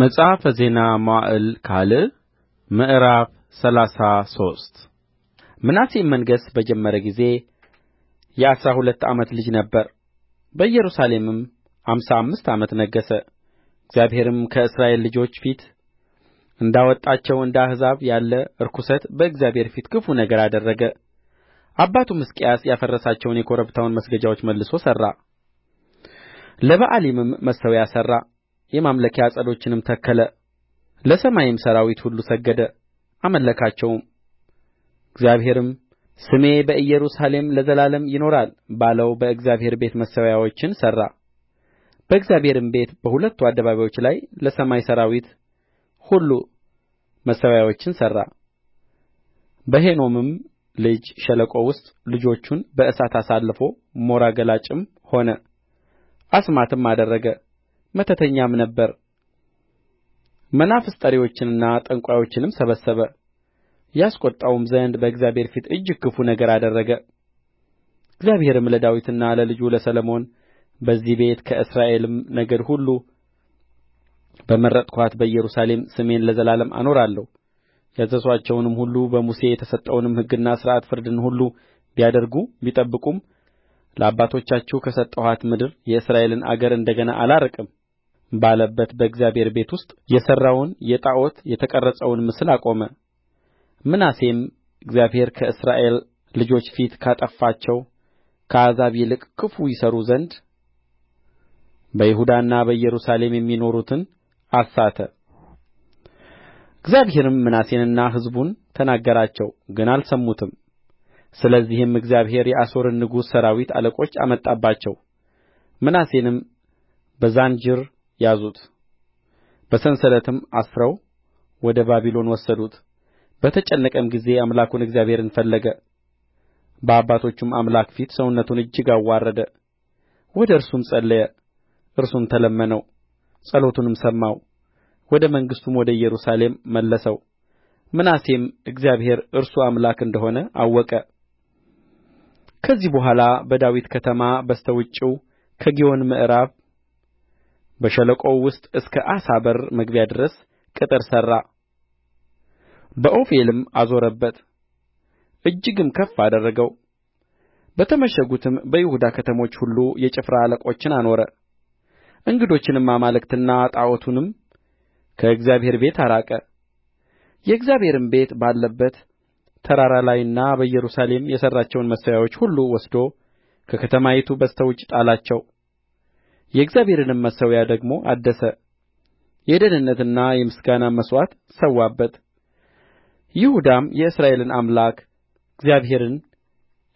መጽሐፈ ዜና መዋዕል ካልዕ ምዕራፍ ሰላሳ ሶስት ምናሴም መንገሥ በጀመረ ጊዜ የአሥራ ሁለት ዓመት ልጅ ነበረ በኢየሩሳሌምም አምሳ አምስት ዓመት ነገሠ እግዚአብሔርም ከእስራኤል ልጆች ፊት እንዳወጣቸው እንደ አሕዛብ ያለ ርኵሰት በእግዚአብሔር ፊት ክፉ ነገር አደረገ አባቱም ሕዝቅያስ ያፈረሳቸውን የኮረብታውን መስገጃዎች መልሶ ሠራ ለበኣሊምም መሠዊያ ሠራ የማምለኪያ ዐፀዶችንም ተከለ ለሰማይም ሠራዊት ሁሉ ሰገደ አመለካቸውም እግዚአብሔርም ስሜ በኢየሩሳሌም ለዘላለም ይኖራል ባለው በእግዚአብሔር ቤት መሠዊያዎችን ሠራ በእግዚአብሔርም ቤት በሁለቱ አደባባዮች ላይ ለሰማይ ሠራዊት ሁሉ መሠዊያዎችን ሠራ በሄኖምም ልጅ ሸለቆ ውስጥ ልጆቹን በእሳት አሳለፈ ሞራ ገላጭም ሆነ አስማትም አደረገ መተተኛም ነበረ መናፍስት ጠሪዎችንና ጠንቋዮችንም ሰበሰበ ያስቈጣውም ዘንድ በእግዚአብሔር ፊት እጅግ ክፉ ነገር አደረገ እግዚአብሔርም ለዳዊትና ለልጁ ለሰሎሞን በዚህ ቤት ከእስራኤልም ነገድ ሁሉ በመረጥኋት በኢየሩሳሌም ስሜን ለዘላለም አኖራለሁ ያዘዝኋቸውንም ሁሉ በሙሴ የተሰጠውንም ሕግና ሥርዓት ፍርድን ሁሉ ቢያደርጉ ቢጠብቁም ለአባቶቻችሁ ከሰጠኋት ምድር የእስራኤልን አገር እንደ ገና አላርቅም ባለበት በእግዚአብሔር ቤት ውስጥ የሠራውን የጣዖት የተቀረጸውን ምስል አቆመ ምናሴም እግዚአብሔር ከእስራኤል ልጆች ፊት ካጠፋቸው ከአሕዛብ ይልቅ ክፉ ይሠሩ ዘንድ በይሁዳና በኢየሩሳሌም የሚኖሩትን አሳተ እግዚአብሔርም ምናሴንና ሕዝቡን ተናገራቸው ግን አልሰሙትም ስለዚህም እግዚአብሔር የአሦርን ንጉሥ ሠራዊት አለቆች አመጣባቸው ምናሴንም በዛንጅር ያዙት በሰንሰለትም አስረው ወደ ባቢሎን ወሰዱት በተጨነቀም ጊዜ አምላኩን እግዚአብሔርን ፈለገ በአባቶቹም አምላክ ፊት ሰውነቱን እጅግ አዋረደ ወደ እርሱም ጸለየ እርሱም ተለመነው ጸሎቱንም ሰማው ወደ መንግሥቱም ወደ ኢየሩሳሌም መለሰው ምናሴም እግዚአብሔር እርሱ አምላክ እንደሆነ አወቀ ከዚህ በኋላ በዳዊት ከተማ በስተ ውጭው ከግዮን ምዕራብ በሸለቆው ውስጥ እስከ ዓሳ በር መግቢያ ድረስ ቅጥር ሠራ በዖፌልም አዞረበት እጅግም ከፍ አደረገው በተመሸጉትም በይሁዳ ከተሞች ሁሉ የጭፍራ አለቆችን አኖረ እንግዶችንም አማልክትና ጣዖቱንም ከእግዚአብሔር ቤት አራቀ የእግዚአብሔርም ቤት ባለበት ተራራ ላይና በኢየሩሳሌም የሠራቸውን መሠዊያዎች ሁሉ ወስዶ ከከተማይቱ በስተ ውጭ ጣላቸው የእግዚአብሔርንም መሠዊያ ደግሞ አደሰ የደኅንነትና የምስጋና መሥዋዕት ሠዋበት ይሁዳም የእስራኤልን አምላክ እግዚአብሔርን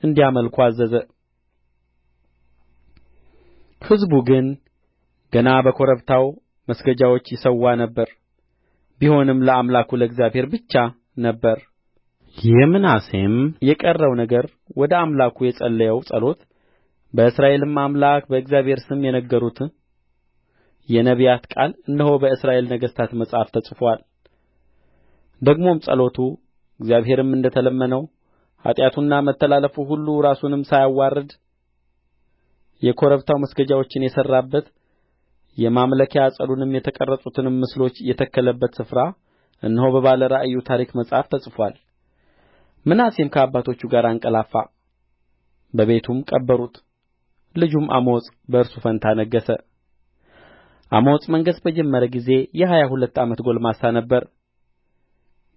እንዲያመልኩ አዘዘ ሕዝቡ ግን ገና በኮረብታው መስገጃዎች ይሠዋ ነበር ቢሆንም ለአምላኩ ለእግዚአብሔር ብቻ ነበር የምናሴም የቀረው ነገር ወደ አምላኩ የጸለየው ጸሎት በእስራኤልም አምላክ በእግዚአብሔር ስም የነገሩት የነቢያት ቃል እነሆ በእስራኤል ነገሥታት መጽሐፍ ተጽፎአል ደግሞም ጸሎቱ እግዚአብሔርም እንደ ተለመነው ኃጢአቱና መተላለፉ ሁሉ ራሱንም ሳያዋርድ የኮረብታው መስገጃዎችን የሠራበት የማምለኪያ ዐፀዱንና የተቀረጹትንም ምስሎች የተከለበት ስፍራ እነሆ በባለ ራእዩ ታሪክ መጽሐፍ ተጽፎአል ምናሴም ከአባቶቹ ጋር አንቀላፋ በቤቱም ቀበሩት ልጁም አሞጽ በእርሱ ፋንታ ነገሠ አሞጽ መንገሥ በጀመረ ጊዜ የሀያ ሁለት ዓመት ጕልማሳ ነበረ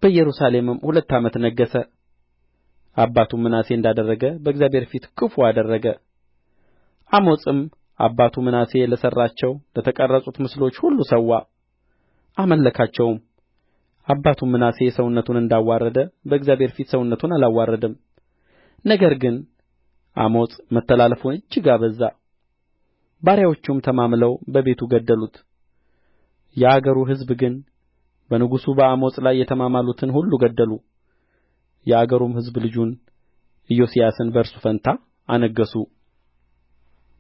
በኢየሩሳሌምም ሁለት ዓመት ነገሠ አባቱ ምናሴ እንዳደረገ በእግዚአብሔር ፊት ክፉ አደረገ አሞጽም አባቱ ምናሴ ለሠራቸው ለተቀረጹት ምስሎች ሁሉ ሠዋ አመለካቸውም አባቱም ምናሴ ሰውነቱን እንዳዋረደ በእግዚአብሔር ፊት ሰውነቱን አላዋረደም ነገር ግን አሞጽ መተላለፉን እጅግ አበዛ ባሪያዎቹም ተማምለው በቤቱ ገደሉት የአገሩ ሕዝብ ግን በንጉሡ በአሞጽ ላይ የተማማሉትን ሁሉ ገደሉ የአገሩም ሕዝብ ልጁን ኢዮስያስን በእርሱ ፋንታ አነገሡ